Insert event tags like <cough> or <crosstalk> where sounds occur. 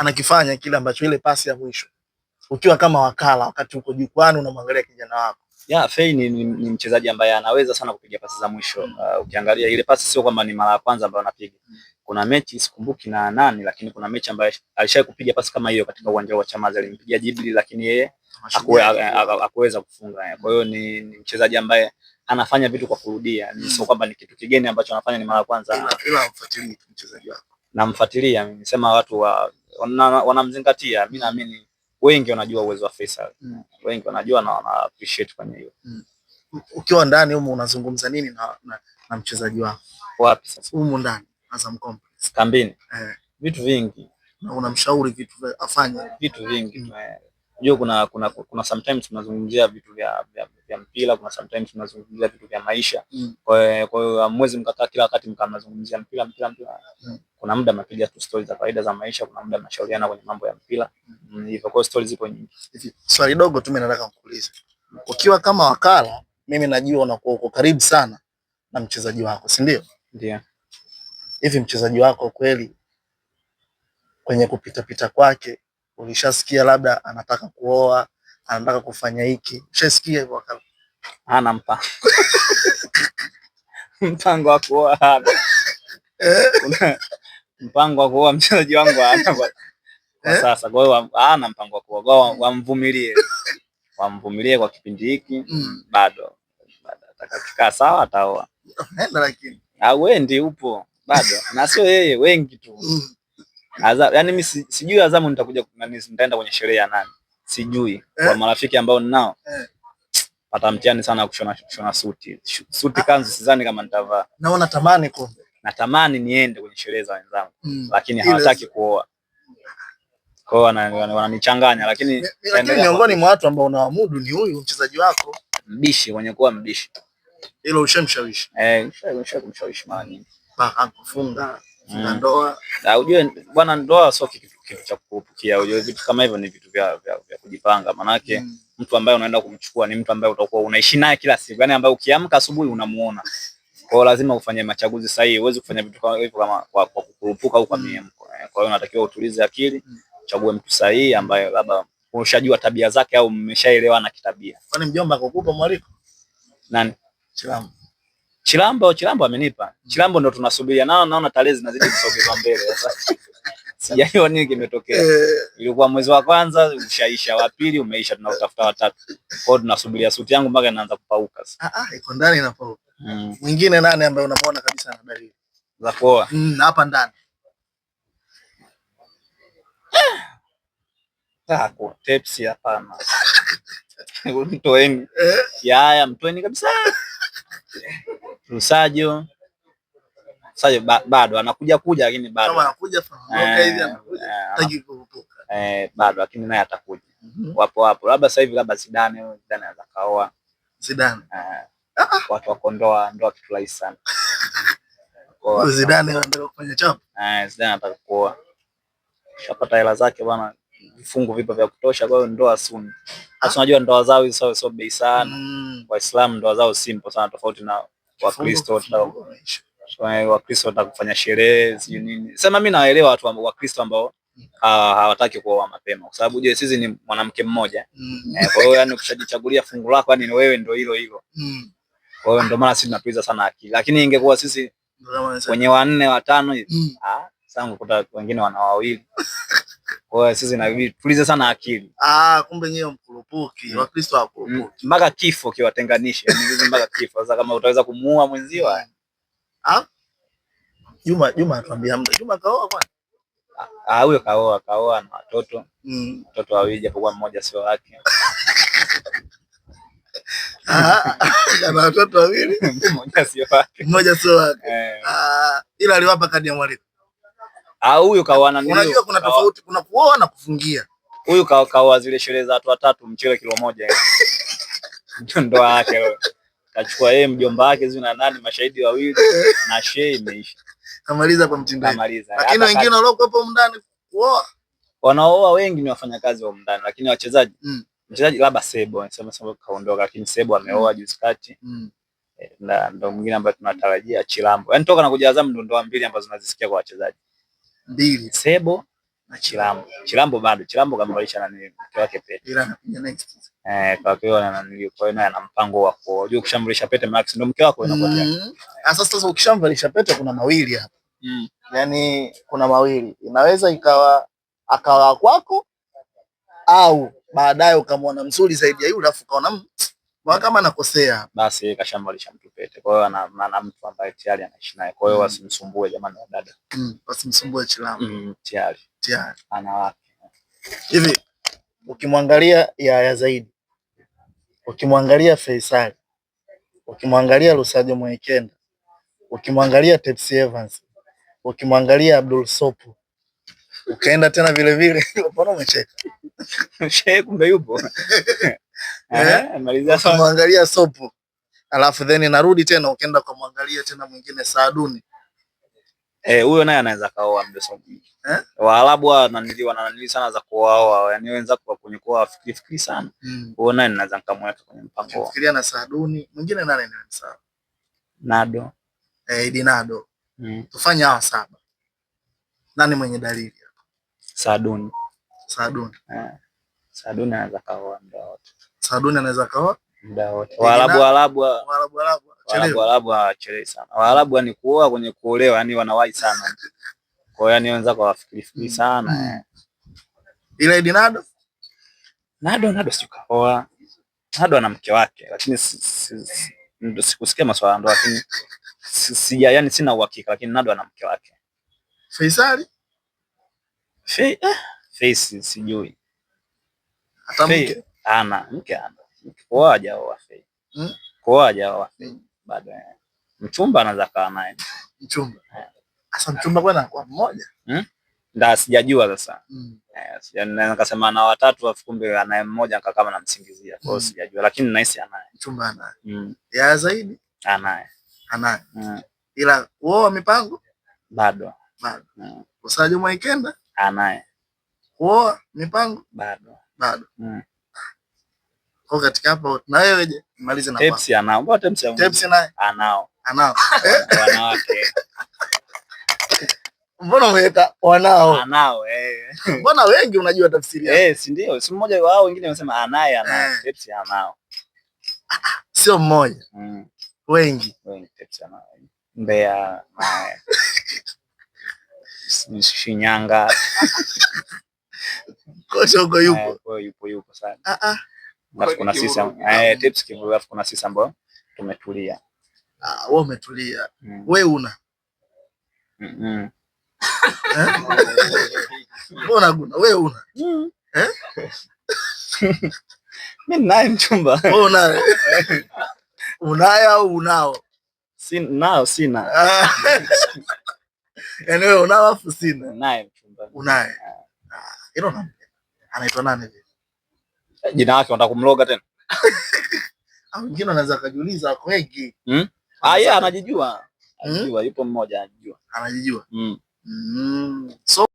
anakifanya kile ambacho ile pasi ya mwisho, ukiwa kama wakala, wakati uko jukwani unamwangalia kijana wako. Yeah, Fei ni, ni, ni mchezaji ambaye anaweza sana kupiga pasi za mwisho. Mm. Uh, ukiangalia ile pasi sio kwamba ni mara ya kwanza ambayo anapiga. Mm. Kuna mechi sikumbuki na nani, lakini kuna mechi ambayo alishaye kupiga pasi kama hiyo katika uwanja wa Chamazi, alimpiga Jibili lakini yeye hakuweza kufunga. Kwa hiyo ni, ni mchezaji ambaye anafanya vitu kwa kurudia, Mm. sio kwamba ni kitu kigeni ambacho anafanya ni mara ya kwanza. Namfuatilia mimi, sema watu wa wanamzingatia. mi naamini wengi wanajua uwezo wa Faisal, mm. wengi wanajua na wana appreciate kwenye hiyo. Mm. Ukiwa ndani huko unazungumza nini na, na, na mchezaji wako wapi sasa? Huko ndani Azam Complex kambini, eh, vitu vingi na unamshauri vitu afanye vitu vingi mm. Eh. Unajua kuna, kuna, kuna sometimes tunazungumzia vitu vya, vya, vya mpira, kuna sometimes tunazungumzia vitu vya maisha. Mm. Kwa hiyo hamwezi mkakaa kila wakati mkaa mnazungumzia mpira mpira mm. Kuna muda mnapiga tu stories za kawaida za maisha, kuna muda mnashauriana kwenye mambo ya mpira mm, hivyo. mm. Kwa hiyo stori zipo nyingi. Swali dogo tu mimi nataka kukuuliza, ukiwa kama wakala, mimi najua unakuwa uko karibu sana na mchezaji wako, si ndio? Ndio. Hivi mchezaji wako kweli kwenye kupitapita kwake Ulishasikia labda anataka kuoa, anataka kufanya hiki, ushasikia hivyo. Hana mpango <laughs> mpango wa kuoa hana mpango wa kuoa mchezaji wangu hana kwa eh? sasa. Kwa hiyo hana mpango wa kuoa, wamvumilie, wamvumilie kwa kipindi hiki mm. Bado atakakaa sawa, ataoa. Lakini ah, upo bado, na sio yeye, wengi tu mm. Azam, yani mimi sijui Azamu nitakuja nitaenda kwenye sherehe ya nani sijui eh. Kwa marafiki ambao ninao eh. Pata mtihani sana kushona kushona suti suti, kanzu sidhani kama nitavaa. Na unatamani kumbe? Natamani niende kwenye sherehe za wenzangu mm. Lakini hawataki kuoa kwao, wananichanganya. Lakini miongoni mwa watu ambao unawaamudu ni huyu mchezaji wako mbishi, mwenye kuwa mbishi, hilo ushamshawishi eh, ushamshawishi mara nyingi mpaka kufunga Mm. na ndoa. Ujue bwana, ndoa sio kitu cha kupukia. Ujue vitu kama hivyo ni vitu vya, vya, vya kujipanga, maanake mm. mtu ambaye unaenda kumchukua ni mtu ambaye utakuwa unaishi naye kila siku, yani ambaye ukiamka asubuhi unamuona. Kwa hiyo lazima ufanye machaguzi sahihi, huwezi kufanya vitu kama hivyo kama kwa kwa kukurupuka au kwa mm. miemko. Eh, kwa hiyo unatakiwa utulize akili, mm. chague mtu sahihi ambaye labda ushajua tabia zake au mmeshaelewana kitabia. Kwani mjomba akakupa mwaliko? Nani? Salamu. Chilambo, Chilambo amenipa. Hmm. Chilambo ndo tunasubiria nao, naona tarehe zinazidi kusogezwa mbele sasa. <laughs> Sijajua nini kimetokea. Eh. Ilikuwa mwezi wa kwanza ushaisha, wa pili umeisha, tunautafuta wa tatu. Kwao tunasubiria suti yangu mpaka inaanza kupauka sasa. Ah ah, iko ndani inapauka. Hmm. Mwingine nani ambaye unamwona kabisa na dalili za kuoa? Mm, hapa ndani. Tako, ah, ah, tepsi hapana. <laughs> Mtoeni. Yaya, eh? mtoeni kabisa. <laughs> Rusajo Msajo ba, bado anakuja kuja, lakini bado eh, anakuja eh, eh, eh, bado lakini naye atakuja. mm -hmm. Wapo wapo, labda sasa hivi labda Zidane Zidane anaweza kaoa Zidane eh, ah. -ah. Watu wako ndoa ndoa kitu rahisi sana <laughs> Zidane anataka kufanya chapa eh, Zidane anataka kuoa, shapata hela zake bwana, vifungu vipo vya kutosha, kwa hiyo ndoa soon. Hasa ah. unajua ndoa zao hizo sio bei sana. mm. Waislamu ndoa zao simple sana, tofauti na Wakristo Wakristo wanataka kufanya sherehe sijui nini. Sema mimi naelewa watu wa Wakristo ambao mm. hawataki kuoa mapema kwa sababu je, sisi ni mwanamke mmoja. mm. Eh, kwa hiyo yani ukishajichagulia fungu lako yani wewe ndio hilo hilo. mm. Kwa hiyo ndio maana sisi tunapiza sana akili. Lakini ingekuwa sisi kwenye wanne watano hivi, mm. ah, sangu kuta wengine wana wawili. Kwa hiyo sisi inabidi tulize sana akili. Ah, kumbe nyewe wakurupuki, mm. Wakristo wakurupuki mpaka mm. kifo kiwatenganishe, mpaka kifo. Sasa kama utaweza kumuua mwenzio mm. Juma, Juma atuambia muda. Juma kaoa kwani? Ah, huyo kaoa, kaoa na watoto. Mm. Watoto wawili japokuwa mmoja sio wake. <laughs> Ah, ana <laughs> watoto wawili, <laughs> mmoja sio wake. Mmoja sio wake. Eh. Ah, ila aliwapa kadi ya mwalimu. Ah, huyo kaoa na nini? Unajua kuna tofauti, kuna kuoa na kufungia. Huyu kaoa zile sherehe za watu watatu, mchele kilo moja ndoa yake kachukua yeye mjomba wake zi na nani, mashahidi wawili na shehe, imeisha kamaliza kwa mtindo kamaliza. Lakini wengine waliokuwepo mndani kuoa, wanaooa wengi ni wafanyakazi wa ndani lakini wachezaji mm. mchezaji labda Sebo anasema Sebo kaondoka, lakini Sebo ameoa mm. juzi kati mm. Eh, na ndo mwingine ambaye tunatarajia Chilambo, yani toka na kuja Azam ndo ndoa mbili ambazo nazisikia kwa wachezaji mbili, Sebo na Chilambo. Chilambo bado Chilambo kamkalisha na nini mke wake Pete. Ila anakuja next. Eh, kwa hiyo na nani kwa hiyo ana mpango wa kujua kushambulisha Pete Max ndio mke wako inakuwa. Mm-hmm. Ah, sasa sasa ukishamvalisha Pete kuna mawili hapa. Mm. Yaani kuna mawili. Inaweza ikawa akawa kwako au baadaye ukamwona mzuri zaidi ya yule afu kaona mm, kwa kama anakosea basi kashamba lishampepete. Kwa hiyo ana maana mtu ambaye tayari anaishi naye. Kwa hiyo mm. wasimsumbue jamani wa dada. Mm. Wasimsumbue Chilamu. Mm. Tayari. Tayari. Ana wake. Hivi ukimwangalia Yahya Zaidi, ukimwangalia Faisal, ukimwangalia Lusajo Mwekenda, ukimwangalia Tepsi Evans, ukimwangalia Abdul Sopu, ukaenda tena vile vile. <laughs> mbona umecheka? Shehe kumbe yupo. <laughs> kumwangalia Sopo, alafu then narudi tena, ukienda kumwangalia tena mwingine Saaduni eh, huyo eh, naye anaweza kaoa eh? Waarabu wananili sana za kuoa, yani wenzako kwenye kuoa fikiri fikiri sana mm. Huyo naye naweza nikamweka kwenye mpango. Fikiria na Saaduni mwingine nani ni msao Nado eh, Idi Nado mm. Tufanye hawa saba, nani mwenye dalili hapa? Saaduni Saaduni eh. Saaduni anaweza kaoa ndio watu Saduni anaweza kawa Waarabu Waarabu Waarabu hawachelewi sana. Waarabu ni kuoa kwenye kuolewa, yani wanawahi sana. Kwa hiyo yani wenzako wafikiri fikiri mm. sana. Eh. Ila Idi Nado Nado Nado si kaoa. Nado ana mke wake, lakini ndo sikusikia maswala ndoa, lakini sija, yani sina uhakika, lakini Nado ana mke wake. Faisali Fe, eh, Faisi sijui hata mke ana mke ana koa hajaoa Fei, hmm? koa hajaoa Fei hmm. Bado eh. mchumba anaweza kaa naye mchumba eh. sasa, mchumba bwana kwa mmoja hmm? Nda sijajua sasa mm. Eh, naweza nikasema na watatu afu kumbe anaye mmoja akakaa kama namsingizia kwao mm. Sijajua lakini nahisi anaye mchumba anaye mm. ya zaidi anaye anaye mm. Ila wao mipango bado bado mm. Usaje mwaikenda anaye wao mipango bado bado mm. Kwa katika hapo na wewe je, maliza na kwa Tepsi anao. Mbona Tepsi anao? Tepsi naye anao. Anao. <laughs> Wanawake. <laughs> Mbona umeweka wanao? Anao eh. Mbona wengi unajua tafsiri yake? Eh, si ndio? Si mmoja wao wengine wanasema anaye anao. Eh. Tepsi anao. Sio mmoja. Mm. Wengi. Wengi Tepsi anao. Mbeya naye. <laughs> Shinyanga. Kocha huko yupo. Eh, yupo yupo sana. Ah ah kuna sisi eh, tips kivyo, alafu kuna sisi ambao tumetulia. Ah, wewe umetulia. Mm. Eh? Wewe una Mm. Mbona kuna wewe una? Eh? <laughs> naye mchumba. Wewe una. au unao? nao sina. Yaani ah. wewe unao afu sina. Naye mchumba. Unaye. Ah. Ah, Anaitwa nani? jina lake wanataka kumloga tena. Mwingine <laughs> anaweza kujiuliza wako wengi. Mm. Ah, yeye anajijua. Hmm? Anajijua, yupo mmoja anajijua. Anajijua. Mm. Mm. So